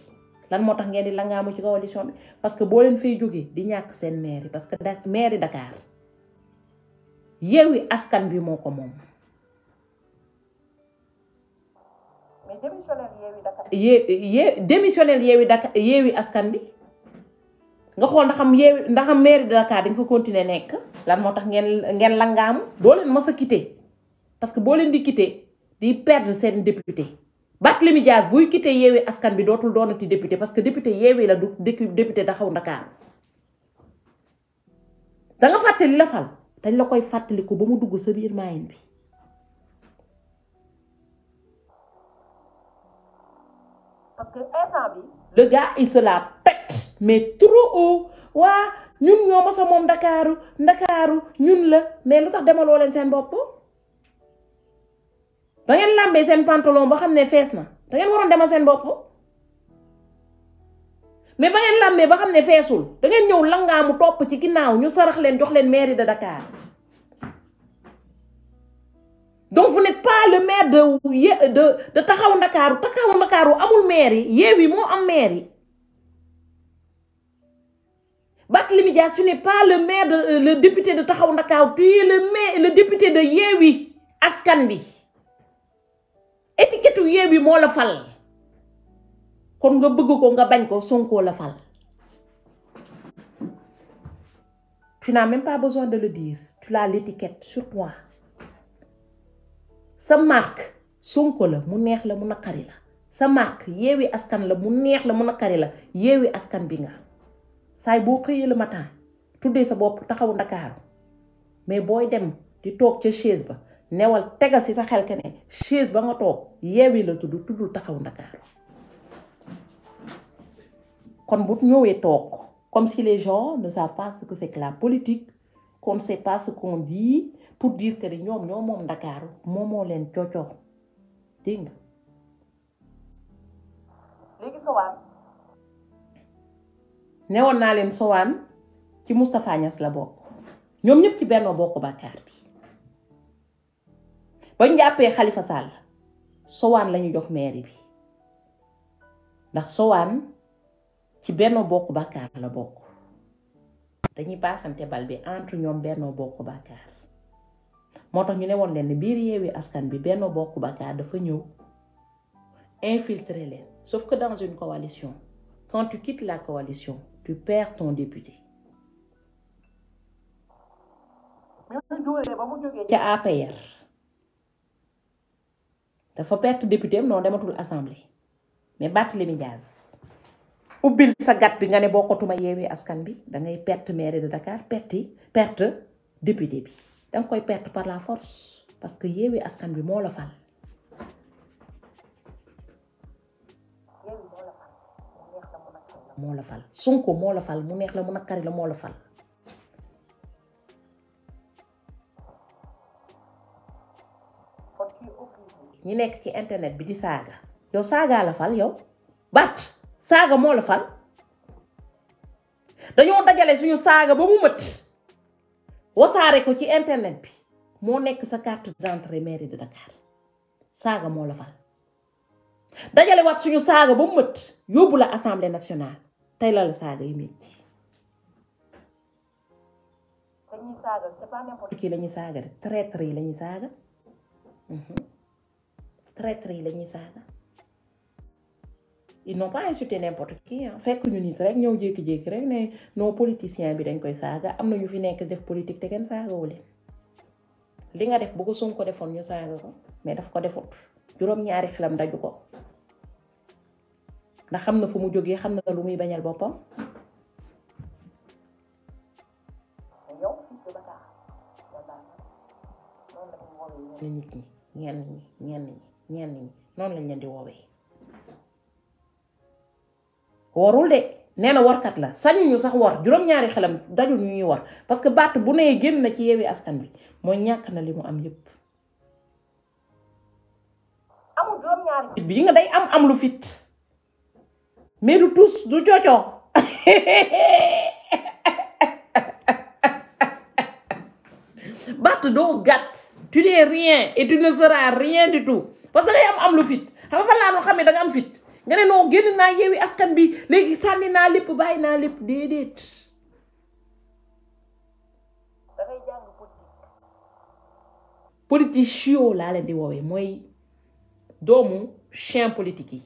lan moo ngeen di langaamu ci coalition bi parce que bo len fay joggé di ñak sen maire parce que maire Dakar yeewi askan bi moo ko moom mais démissionnaire yeewi Dakar yé yeewi askan bi nga xool ndaxam yeewi ndaxam maire de Dakar dañ fa continuer nekk lan moo tax ngeen ngeen langaamu doo leen mës a quitter parce que boo leen di quitter di perdre seen député Barthélémy Dias buy quitter yeewi askan bi dootul doonati député parce que député yeewi la du député Taxawu Dakar da nga fàttali la fal dañ la koy fàttaliku ba mu dugg sa biir maayin bi parce que instant bi le gars il se la pète mais trop haut wa, ñun ñoo sommes mom Dakar, nous ñun la mais nous tax des leen seen da ngeen de seen pantalon ba xamné fess na da ngeen de demal seen mais ba ngeen nous ba de da ngeen de top ci ñu sarax leen jox leen de Dakar donc vous n'êtes pas le maire de de de taxaw Dakar, taxaw amul Barthélémy Dias, n'est pas le maire, de, euh, le député de Taxawu tu es le maire, le député de Yewi, Askan Wi étiquette Yewi, moi la fal kon nga bëgg ko nga son ko Sonko fal tu n'as même pas besoin de le dire tu l'as l'étiquette sur toi sa marque Sonko le, mu neex le mu naqari la sa marque Yewi Askan le mu neex le mu naqari la Yewi Askan bi saay boo xëyee la matin tuddee sa bopp taxaw ndakaaru mais booy dem di toog ca chaise ba newal tegal ci sa xel ke ne chaise ba nga toog yeewi la tudd tuddul taxaw ndakaaru kon bu ñëwee toog comme ci les gens ne savent pas ce que c'est que la politique qu'on ne sait pas ce pour dire que ni ñoom ñoo moom ndakaaru moom moo leen coocoo dégg léegi sa newoon naa leen Sowaan ci Moustapha Niass la bokk ñoom ñëpp ci Benno Bokk Bakaar bi bañ jàppee Khalifa Sall Sowaan lañu jox maire bi ndax Sowaan ci Benno Bokk la bokk dañuy paasante bal bi entre ñoom Benno Bokk les moo ñu newoon leen biir Askan bi Benno Bokk dafa ñëw infiltrer leen sauf que dans une coalition quand tu quittes la coalition que perds ton député ca APR dafa perte député am noonu dematul assemblée mais battre Barthélémy Dias ubbil sa gat bi nga ne bokkatuma yeewee askan bi da ngay perte mairie de Dakar perte perte député bi danga koy perte par la force parce que yeewee askan bi moo la fal moo la fal Sonko moo la fal mu neex la mu naqari la moo la fal ñi nekk ci internet bi di saaga yow saagaa la fal yow baat saaga moo la fal dañoo dajale suñu saaga ba mu mët wasaare ko ci internet bi moo nekk sa carte d'entrée mairie de Dakar saaga moo la fal dajale waat suñu saaga ba mu mët yóbbu la assemblée nationale tay la la saaga yi métti dañuy saga c'est pas n'importe qui la ñuy saaga de traître yi la saga saaga mhm. traître yi la ñuy saaga ils n'ont pas insulté n'importe qui hein. fekk ñu nit rek ñëw jékki-jékki rek ne non politicien bi dañ koy saga amna ñu fi nekk def politique te kenn saagawu leen li nga def bu ko ko defoon ñu saga ko mais daf ko defut juróom-ñaari filam daju ko ndax xam na fu mu jógee xam na lu muy bañal boppam nit ñi ñenn ñi ñenn ñi ñenn noonu lañ leen di woowee warul de nee na warkat la sañu ñu sax war juróom-ñaari xelam dajul ñu ñuy war parce que baat bu nee génn na ci yeewi askan bi mooy ñàkk na li mu am yépp amul juróom nga day am am lu fit Men nou tous, nou tyon tyon. Bat nou gat, tu de riyen, et tu ne zera riyen ditou. Pas nan yon am lou fit, an wap an lan nou kame, nan yon am fit. Nan yon gen nou nan yewi askan bi, le gisa men nan lip, bay nan lip, dedet. Politis chiyo lalende wawen, mwen do moun chen politiki.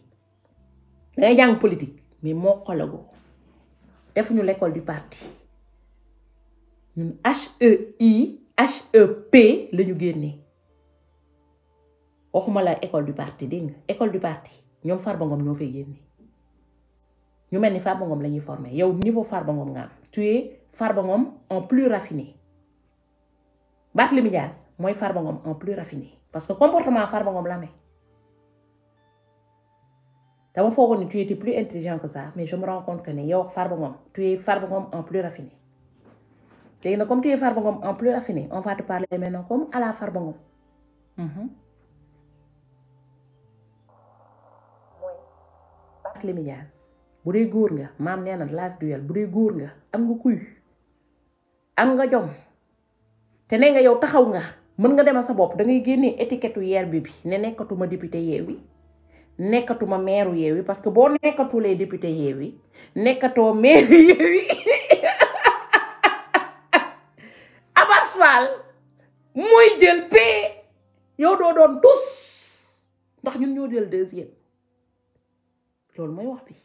a jàng politique mais moo xolagoo defuñu l'école du parti h HEI HEP la ñu génnee waxuma la école du parti dégg école du parti ñoom Farba ñoo fay ñu mel Farba la ñuy yow niveau Farba Ngom nga tu es Farba en plus raffiné Bat mooy Farba en plus raffiné parce que comportement Farba la dama foogoon ne tu étais plus intelligent que ça mais je me rends compte que ne yow tu es farbongom en plus raffiné léegi comme tu es farbongom en plus raffiné on va te parler maintenant comme à la farbongom. Ngom. Mhm. mooy Barthélémy Dias bu nga maam nee na laaj duel bu nga am nga kuy am nga jom te ne nga yow taxaw nga mën nga demal sa bop. da ngay génnee étiquette yeer bi bi ne nekkatuma député yeewi nekkatuma meeru Yewwi parce que boo nekkatulee député Yewwi nekkatoo meeru Yewwi Abass Fall mooy jël p yow doo doon tus ndax ñun ñoo jël deuxième loolu mooy wax bi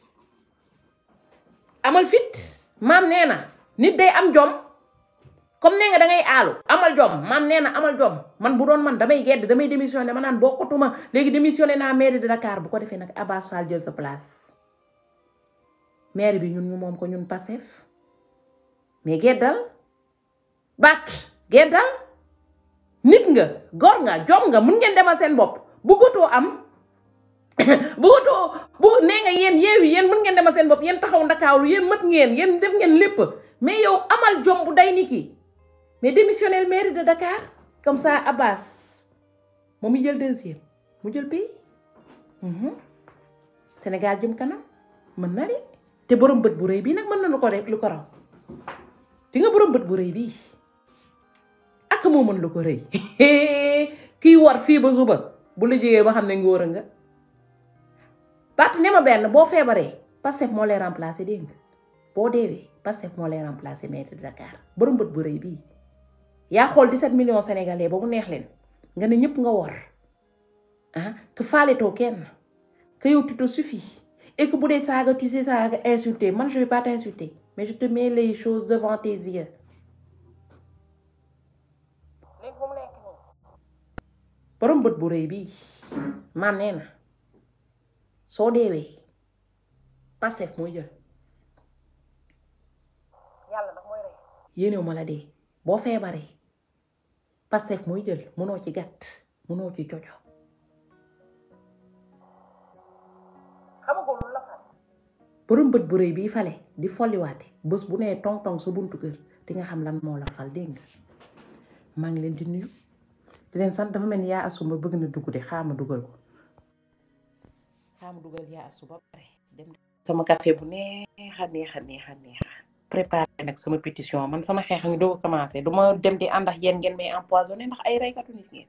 amal fit maam nee na nit day am jom comme nga da ngay alu amal jom man neena amal jom man bu doon man damay gedd damay démissioner man nan bokkatuma léegi démissioner na mairie de Dakar bu ko defé nak abbas Fall jël sa place maire bi ñun ñu mom ko ñun passef mais geddal bàkk geddal nit nga gor nga jom nga mun ngeen déma sen bop bu goto am bu goto bu ne nga yew yeewi yeen mun ngeen déma sen bop yeen taxaw ndakaaru yeen mat ngeen yeen def ngeen lepp mais yow amal jom bu day niki démissionner le maire de Dakar comme ça Abbas moom mi jël deuxième mu jël pays mhm. Sénégal jëm kanam mën na de té borom bëtt bu reuy bi nak mën na ko rek lu ko raw di nga borom bëtt bu reuy bi ak mo mën lu ko reuy ki war fi ba zuba bu la jégué ba xamné nga wara nga baat ne ma benn boo feebaree Pastef lay remplacer dégg bo déwé deewee mo lay remplacer maître de Dakar borom bëtt bu reuy bi yaa xool 17 millions sénégalais ba mu neex leen nga ne ñëpp nga ah, que que yow tu te et que bu tu sais insulter man je vais pas t'insulter mais je te mets les choses devant tes yeux. borom bët bu rëy bii maam nee na soo deewee mooy jël. yàlla Pastef mooy jël mënoo ci gàtt mënoo ci coco. xam nga loolu bu rëy bii fale di folliwaate bës bu nee tong tong sa buntu kër di nga xam lan moo la fal dégg nga maa ngi leen di nuyu di leen sant dafa mel ni yaa asuma bëgg na dugg de xaama dugal ko. xaama dugal yaa asu ba pare dem sama bu neex a neex préparer nak sama pétition man sama xex ngi do commencer duma dem di ànd ak yéen ngeen may empoisonné ndax ay reykatu nit ngeen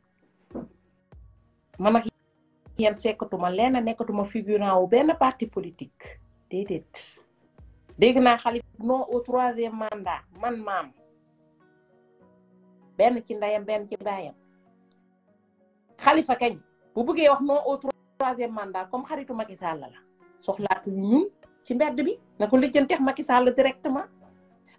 man ak yeen sekkatuma lenn nekkatuma figurant wu benn parti politique dedet dégg naa xalif non au troisième mandat man maam benn ci ndayam benn ci baayam xalifa kañ bu bëggee wax non au troisième mandat comme xaritu Macky Sall la soxlaatu ñun ci mbedd bi na ko lijjanteex Macky Sall directement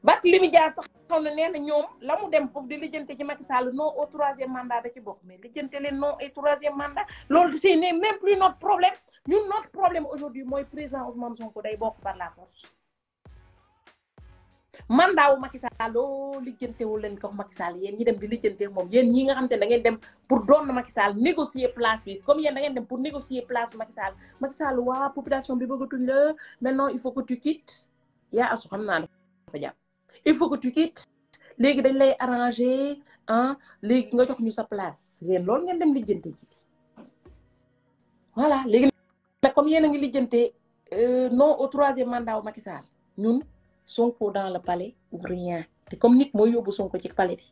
Barthélémy Dias sax xaw na nee na ñoom la mu dem foofu di lijjante ci Macky Sall non au troisième mandat da ci bokk mais lijjante leen non au troisième mandat loolu c'est même plus notre problème ñun notre problème aujourd'hui mooy président Ousmane Sonko day bokk par la force man daaw Macky Sall loo lijjantewul leen ko Macky Sall yéen ñi dem di lijjante moom yéen ñi nga xam te da ngeen dem pour doon Macky Sall négocier place bi comme yéen da ngeen dem pour négocier place Macky Sall bi bëggatuñ la maintenant il faut que tu quittes yaa asu xam naa dafa jàpp léegi dañ lay arranger ah léegi nga jox ñu sa place yéen loolu ngeen dem lijjante ji voilà léegi nag comme yéen a ngi lijjante euh, non au troisième mandat wu Macky Sall ñun Sonko dans le palais ou rien C'est comme moi, je yóbbu Sonko ci palais bi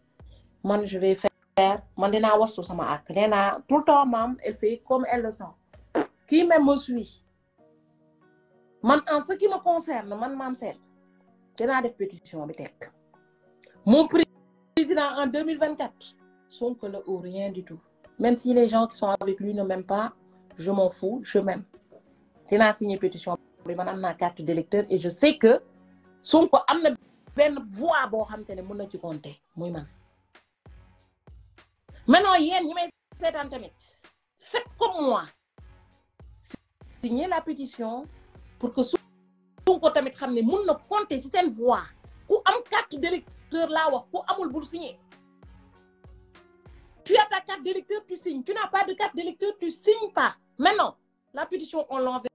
je vais faire man vais faire sama ak nee naa tout le temps maman elle fait comme elle le sent qui même me suit man en ce qui me concerne man maam c'est. dinaa def pétition bi mon président en 2024 Sonko le ou rien du tout même si les gens qui sont avec lui ne m'aiment pas je m'en fous je m'aime dinaa signer pétition bi man am ma carte d'électeur et je sais que Sonko on ben une voix bo xam ne mën na ci compter muy man maintenant yéen ñi may sétan tamit faites comme moi signez la pétition pour que Sonko tamit xamné ne mën na compter ci seen voix ku am carte d'électeur la wax ku amul bul signer tu as ta carte d'électeur tu signes tu n'as pas de carte d'électeur tu signes pas maintenant la pétition on l'enverra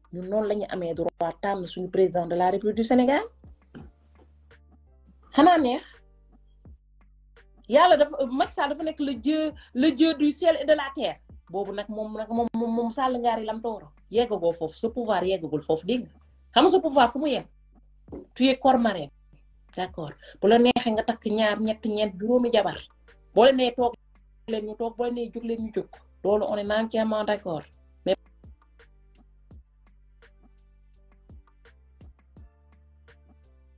ñun noonu la ñu amee droit tànn suñu président de la république du Sénégal xanaa neex yàlla dafa Macky Sall dafa nekk le dieu le dieu du de la terre boobu nag moom nag moom moom Sall ngaari lam tooro yeggagoo foofu sa pouvoir yeggagul foofu dégg nga xam nga sa pouvoir fu mu yegg tu es corps marraine d'accord bu la neexee nga takk ñaar ñett ñeent juróomi jabar boo leen nee toog leen ñu toog boo leen nee jóg leen ñu jóg loolu on est d'accord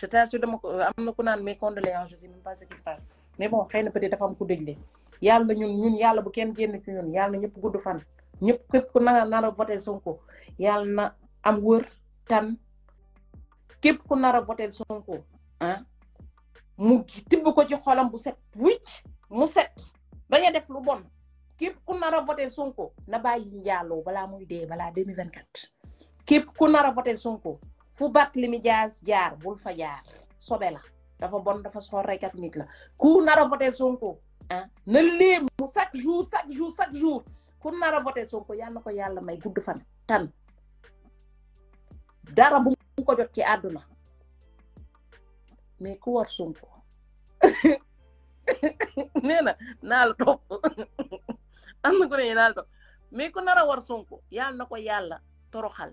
je t'assure dama ko euh, am na ku naan mes condoléances je sais même pas ce qui se passe bon xëy peut-être dafa am ku dëj le yàlla ñun ñun yàlla bu kenn génn ci ñun yàlla na ñëpp gudd fan ñëpp képp ku nar a nar a voté Sonko yàlla na am wër tan képp ku nar a voté Sonko ah mu tibb ko ci xolam bu set wicc mu set bañ def lu bon képp ku nar a voté Sonko na bàyyi njaaloo balaa muy dee balaa deux mille vingt quatre képp ku nar a voté Sonko fu mi Dias jaar bul fa jaar sobe dafa bon dafa sorekat nit la ku nar a voté Sonko ah na léemu chaque jour chaque jour chaque jour ku nar a voté Sonko ko yàlla may gudd fan tan dara bu mu ko jot ci àdduna mais ku war Sonko nee na naa la topp am na ku mais ku nar a war Sonko yàlla na ko yàlla toroxal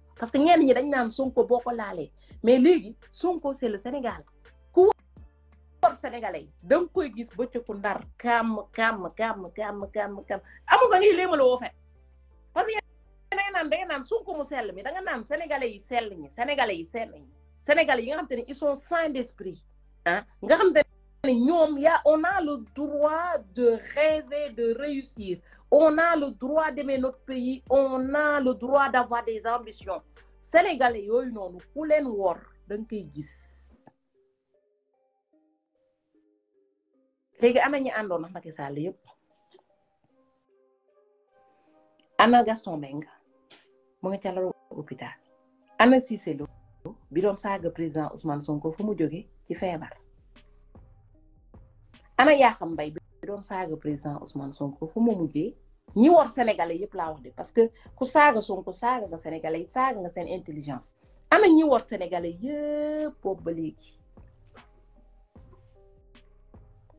parce que ñenn ñi dañ naan Sonko boko lalé mais légui Sonko c'est le Sénégal ku war Sénégalais yi koy gis bëccëgu ndar kam kam kam kam kam kam amu sa ngi léema la parce que da nan naan nan Sonko mu sel mi da nga naan Sénégalais yi sel ni Sénégalais yi sel ni Sénégalais yi nga xam ils sont sains d'esprit hein nga xam te ne on a le droit de rêver de réussir on a le droit d'aimer notre pays, on a le droit d'avoir des ambitions. Sénégalais yooyu noonu ku wor da koy gis Gaston mo nga hôpital un Lo bi doon président Ousmane Sonko fu mu jóge ci feebar Mbaye bi président Ousmane Sonko ñi wor sénégalais yépp laa wax de parce que ku saaga Sonko saaga nga sénégalais saaga nga seen intelligence ana ñi wor sénégalais yépp boobu ba léegi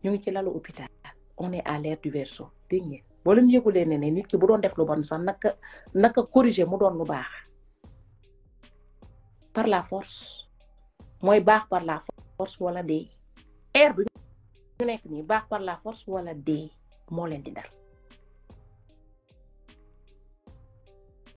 ñu ngi ci lalu hôpital on est à l'air du verso. dégg ngeen boo leen yëgulee ne ne nit ki bu doon def lu bon sax naka naka corriger mu doon lu baax par la force mooy baax par la force wala dee air bi ñu nekk nii baax par la force wala dee moo leen di dal